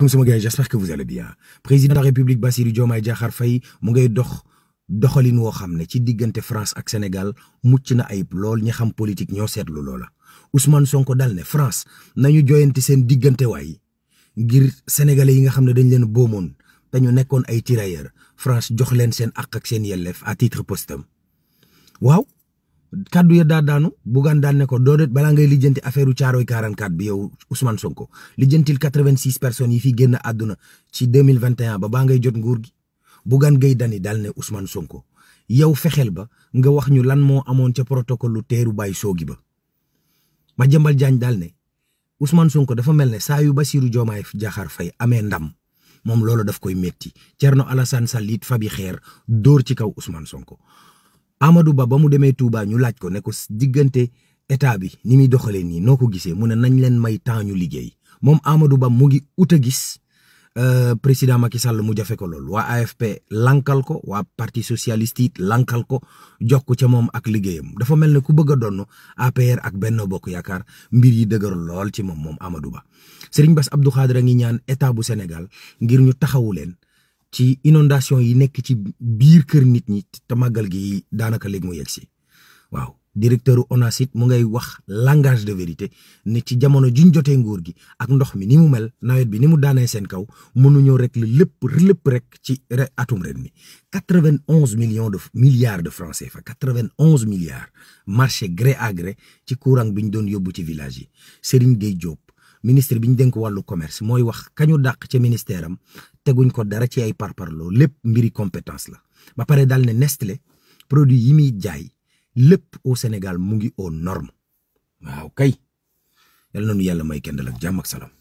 comme sama gars yi j'espère que vous allez bien président de la république Bassirou Diomaye Diakhar Faye mu ngay dox doxalin woo xam ne ci diggante France ak Sénégal mucc na ay lool ñi xam politique ñoo seetlu loola Ousmane Sonko dal ne France nañu joyanti seen diggante waay ngir sénégalais yi nga xam ne dañu leen boomoon te ñu nekkoon ay tirailleurs France jox leen seen àq ak seen yelleef à titre posthume waaw kaddu ya daa daanu Bougane daan ne ko doo det balaa ngay lijjanti affaire Thiaroye 44 bi yow Ousmane Sonko lijjantil 86 personnes yi fi génn àdduna ci 2021 ba baa ngay jot nguur gi Bougane Gueye Dany daal ne Ousmane Sonko yow fexeel ba nga wax ñu lan moo amoon ca protocole lu teeru bàyyi soogi ba ma Madiambal jaañ daal ne Ousmane Sonko dafa mel ne saa yu Bassirou Diomaye Diakhar fay amee ndam moom loolu daf koy métti Thierno Alassane Sall it fabi xeer dóor ci kaw Ousmane Sonko amadu Ba ba mu demee Touba ñu laaj ko ne ko diggante état bi ni muy doxalee nii noo ko gisee mu ne nañ leen may temps ñu liggéey moom amadu Ba mu ngi ut a gis euh, président Macky Sall mu jafe ko lool waa AFP lankal ko waa parti socialiste it lankal ko jokk ca moom ak liggéeyam dafa mel ne ku bëgg a donn APR ak Benno Bokk Yaakaar mbir yi dëgër lool ci moom moom amadu Ba Serigne Bass Abdou Khadre a ngi ñaan état bu Sénégal ngir ñu taxawu leen. ci inondation yi nekk ci biir kër nit ñi te gi daanaka léegi mu yegg si waaw directeur ONACID mu ngay wax langage de vérité ni ci jamono juñ jotee nguur gi ak ndox mi ni mu mel nawet bi ni mu daanee seen kaw mënuñoo rek lépp lépp rek ci atum ren mi quatre-vingt-onze millions de milliards de francs CFA quatre-vingt-onze milliards marché gré à gré ci courant bi ñu doon yóbbu ci village yi Serigne Gueye Diop ministre bi ñu dénk wàllu commerce mooy wax kañu dàq ca ministère am teguñ ko dara ci ay par loolu lépp mbiri compétence la ba pare daal ne Nestlé produit yi muy jaay lépp au Sénégal mu ngi aux normes waaw kay yal na nu yàlla may kenn dal ak jàmm salaam.